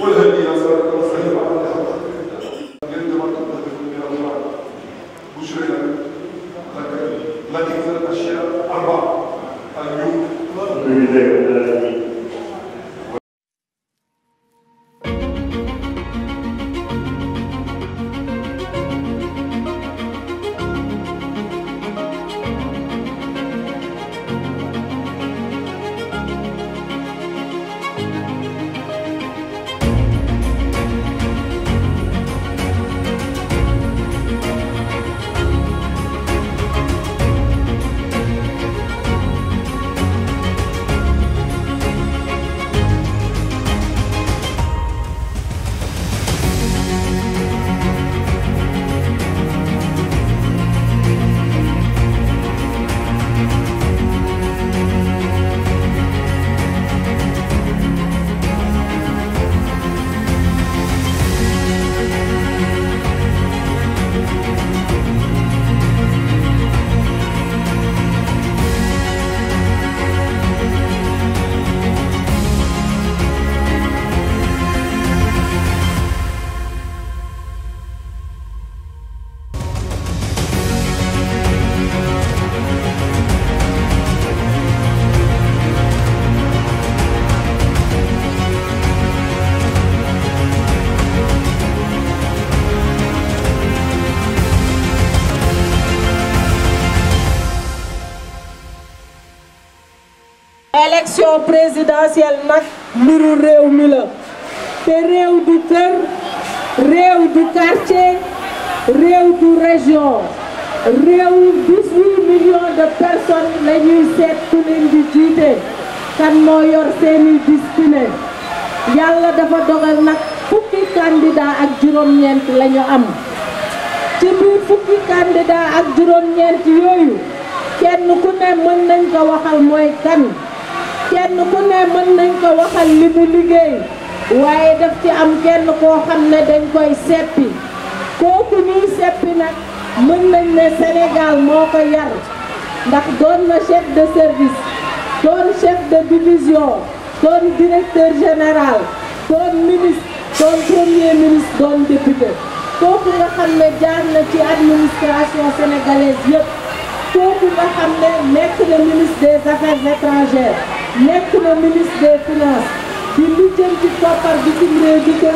والهدي صراط élection présidentielle nag mbiru réew mi la te réew du kër réew du quartier réew du région réew 18 millions de personnes la seet ku di jiite kan moo yor seeni destiné yàlla dafa dogal nag fukki candidat ak juróom-ñeent la am ci biir fukki candidat ak juróom-ñeent yooyu kenn ku ne mën nañ ko waxal mooy kan kenn ku ne mën nañ ko waxal li mu liggéey waaye daf ci am kenn koo xam ne dañ koy seppi kooku ñuy seppi nag mën nañ ne Sénégal moo ko yar ndax doon na chef de service doon chef de division doon directeur général doon ministre doon premier ministre doon député kooku nga xam ne jaar na ci administration sénégalaise yëpp kooku nga xam ne nekk na ministre des affaires étrangères nekk na ministre des finances di lijjanti koppar réew di ko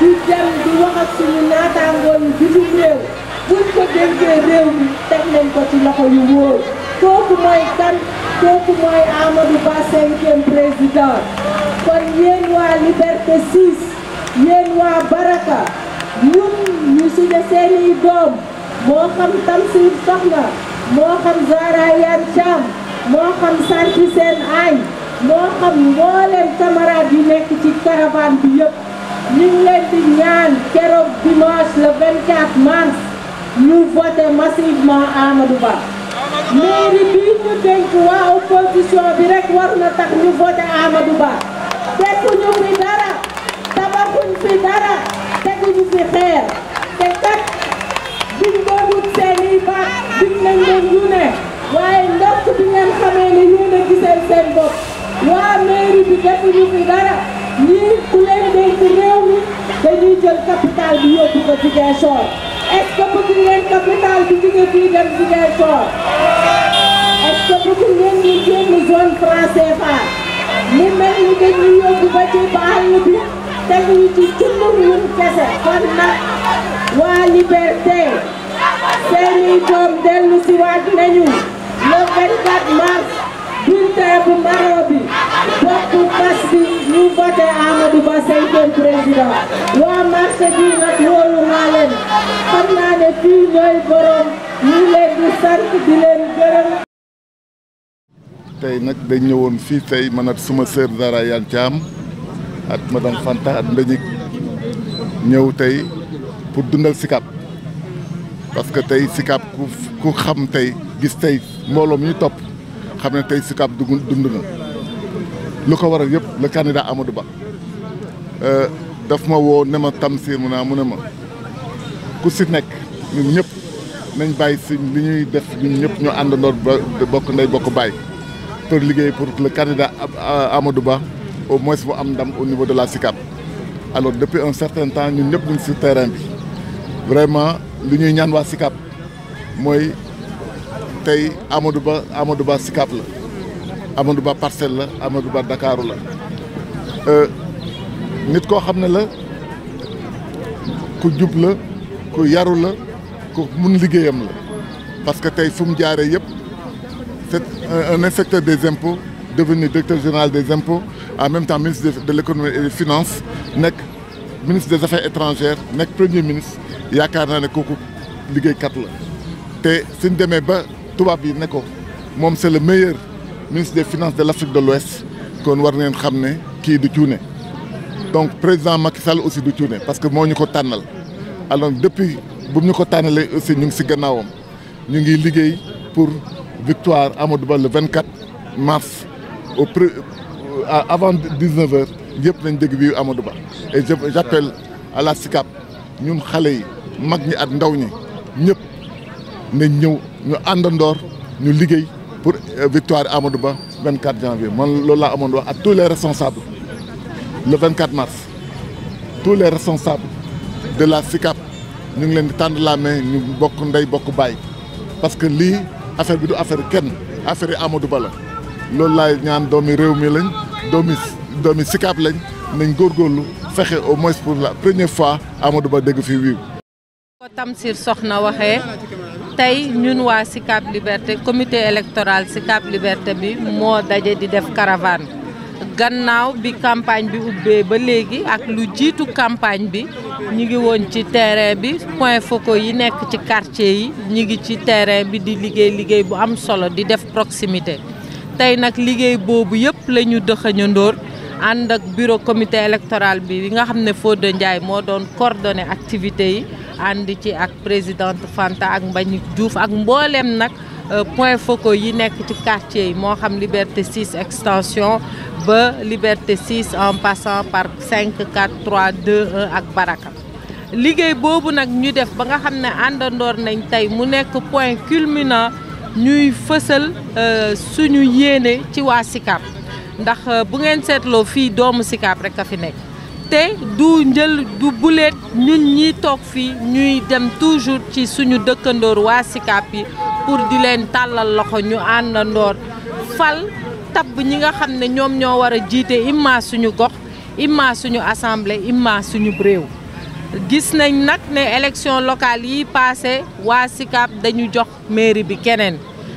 di dem di wax suñu naataangoo yi bitim réew buñ ko dénkee réew mi teg nañ ko ci loxo yu wóor kooku mooy kan kooku mooy Amadou Ba cinquième président kon yéen waa Liberté 6 yéen waa Baraka ñun ñu suñu seeni doom moo xam Tamsir Soxna moo xam Zahra Iyane moo xam sarki seen ay moo xam mbooleem camarade yu nekk ci caravane bi yëpp ñu ngi leen di ñaan keroog dimanche le 24 mars ñu voté massivement Amadou Ba mairie bii ñu dénk waa opposition bi rek war na tax ñu voté Amadou Ba tekkuñu fi dara tabaxuñ fi dara teguñu fi xeer te kat defuñu fi dara ñii ku leen dénk réew mi dañuy jël capital bi yóbbu ko Ziguinchor est-ce que bëgg ngeen capital bi jóge fii dem Ziguinchor est-ce que bëgg ngeen ñu génn zone franc CFA li mel ni dañuy yóbbu ba ci bàll bi teg ñu ci jullum ñun kese kon nag waa Liberté seeni doom dellu si waat nañu le 24 mars bulletin bu bi boppu bas bi ñu voté Ba cinquième président waa marché bi nag wóolu naa leen xam naa ne fii ñooy borom ñu leen di di leen gërëm. tey nag dañ ñëwoon fii tey man ak suma sœur Zahra Iyane Thiam ak madame Fanta ak Mbagnick ñëw tey pour dundal Sicap parce que tey Sicap ku xam tey gis tey mbooloo mi topp. xam ne tey Sicap dugg dund na lu ko waral yëpp le candidat Amadou Ba euh, daf ma woo ne ma Tamsir mu naa mu ne ma ku si nekk ñun ñëpp nañ bàyyi si li ñuy def ñun ñëpp ñu àndandoor bokk ndey bokk bàyyi pour liggéey pour le candidat Amadou Ba au moins mu am ndam au niveau de la Sicap alors depuis un certain temps ñun ñëpp ñu ngi si terrain bi vraiment li ñuy ñaan waa Sicap mooy tey amadu Ba amadu Ba Sicap la Amadou Ba Parcelles la amadu Ba Dakaaru la euh, nit koo xam ne la ku jub la ku yaru la ku mun liggéeyam la parce que tey fu mu jaaree yëpp c'est un inspecteur de impôts devenu directeur général des impôts en même temps ministre de l'économie et des finances nekk ministre des affaires étrangères nekk premier ministre yaakaar naa ne kooku liggéeykat la te suñ demee ba tubaab yi ne ko moom c'est le meilleur ministre finance finances de l'Afrique de l'Ouest kon war neen xam ne kii du cuune donc président Macky Sall aussi du cuune parce que moo ñu ko tànnal alors depuis bu ñu ko tànnalee aussi ñu ngi si gannaawam ñu ngi liggéey pour victoire Amadou Ba le 24 mars au pré euh, avant 19 heures yëpp nañ dégg bii Amadou Ba et je j'appelle à ñun xale yi mag ñi ak ndaw ñi ñëpp nañ ñëw. ñu àndandoor ñu liggéey pour euh, victoire Amadou Ba 24 janvier man loolu laa amoon wax ak tous les responsables le 24 mars tous les responsables de la SICAP ñu ngi leen di la main ñu bokk ndey bokk baay parce que lii affaire bi du affaire kenn affaire yi Amadou Ba la loolu laay ñaan doomi réew mi lañ doomi doomi SICAP lañ nañ góorgóorlu fexe au moins pour la première fois Amadou Ba dégg fi wiiw tey ñun waa Sicap Liberté comité électoral Sicap Liberté bi moo daje di def caravane gannaaw bi campagne bi ubbee ba léegi ak lu jiitu campagne bi ñu ngi woon ci terrain bi point focaux yi nekk ci quartier yi ñu ngi ci terrain bi di liggéey liggéey bu am solo di def proximité tey nag liggéey boobu yëpp la ñu dëxañandoor ànd ak buro comité électoral bi yi nga xam ne Fodé Ndiaye moo doon coordonné activité yi ànd ci ak présidente Fanta ak Mbagnick juuf ak mbooleem nag euh, point foco yi nekk ci quartier yi moo xam Liberté 6 extension ba Liberté 6 en passant par 5 4 3 ak Baraka liggéey boobu nag ñu def ba nga xam ne àndandoor nañ tey mu nekk point culminant ñuy fësal euh, suñu yéene ci waa Sicap ndax euh, bu ngeen seetloo fii doomu Sicap rek a fi nekk te du njël du buleet ñun ñi toog fii ñuy dem toujours ci suñu dëkkandoor waa Sicap yi pour di leen tàllal loxo ñu àndandoor fal tabb ñi nga xam ne ñoom ñoo war a jiite imma suñu gox imma suñu assamble imma suñu réew gis nañ nag ne élection locale yi passé waa Sicap dañu jox mairie bi keneen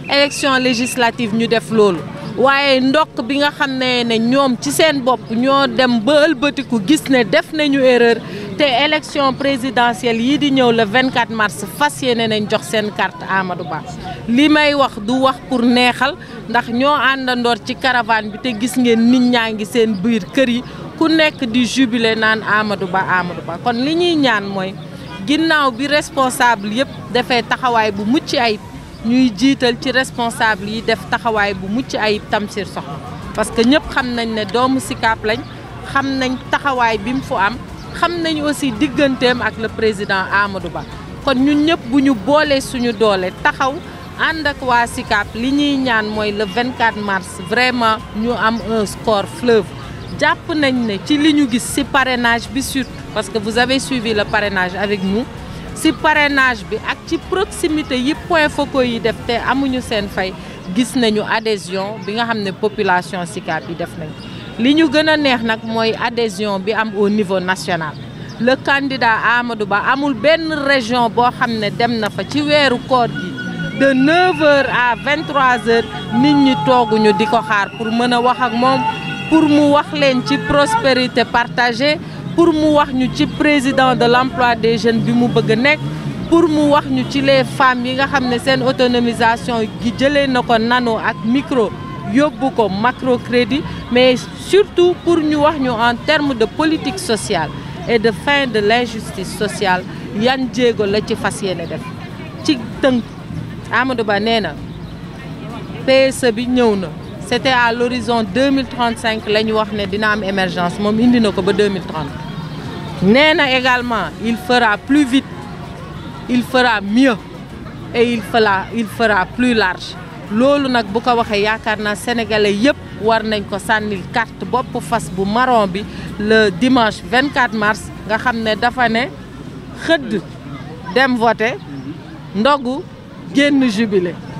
élection législative ñu def loolu waaye ndokk bi nga xam ne ne ñoom ci seen bopp ñoo dem ba ëlbatiku gis ne def nañu erreur te élection présidentielle yii di ñëw le 24 mars fas yéene nañ jox seen carte Amadou Ba li may wax du wax pour neexal ndax ñoo àndandoor ci caravane bi te gis ngeen nit ñaa ngi seen biir kër yi ku nekk di jubile naan Amadou Ba Amadou Ba kon li ñuy ñaan mooy ginnaaw bi responsable yëpp dafay taxawaay bu mucc ayib ñuy jiital ci responsable yi def taxawaay bu mucc ay Tamsir Soxna parce que ñëpp xam nañ ne doomu Sicap lañ xam nañ taxawaay bi mu fu am xam nañu aussi digganteem ak le président Amadou Ba kon ñun ñëpp bu ñu boolee suñu doole taxaw ànd ak waa Sicap li ñuy ñaan mooy le 24 mars vraiment ñu am un score fleuve jàpp nañ ne ci li ñu gis ci parrainage bi surtout parce que vous avez suivi le parrainage avec nous ci parrainage bi ak ci proximité yi point focaux yi def te amuñu seen fay gis nañu adhésion bi nga xam ne population Sicap yi def nañ li ñu gën a neex nag mooy adhésion bi am au niveau national le candidat Amadou Ba amul benn région boo xam ne dem na fa ci weeru koor gi de 9 heures à heures nit ñi tooguñu di ko xaar pour mën a wax ak moom pour mu wax leen ci prospérité partagée pour mu wax ñu ci président de l'emploi des jeunes bi mu bëgg nekk pour mu wax ñu ci les femmes yi nga xam ne seen autonomisation gi jëlee na ko nano ak micro yóbbu ko macro crédit mais surtout pour ñu wax ñu en termes de politique sociale et de fin de l'injustice sociale yan jéego la ci fas yéene def ci tënk Amadou Ba nee na PSE bi ñëw na c'était à l'horizon 2035 la ñu wax ne dina am émergence moom indi na ko ba nee na également il fera plus vite il fera mieux et il fera il fera plus large loolu nag bu ko waxee yaakaar na sénégalais yëpp war nañ ko sànnil carte bopp fas bu marron bi le dimanche 24 mars nga xam ne dafa ne xëdd dem voter ndogu génn jubilé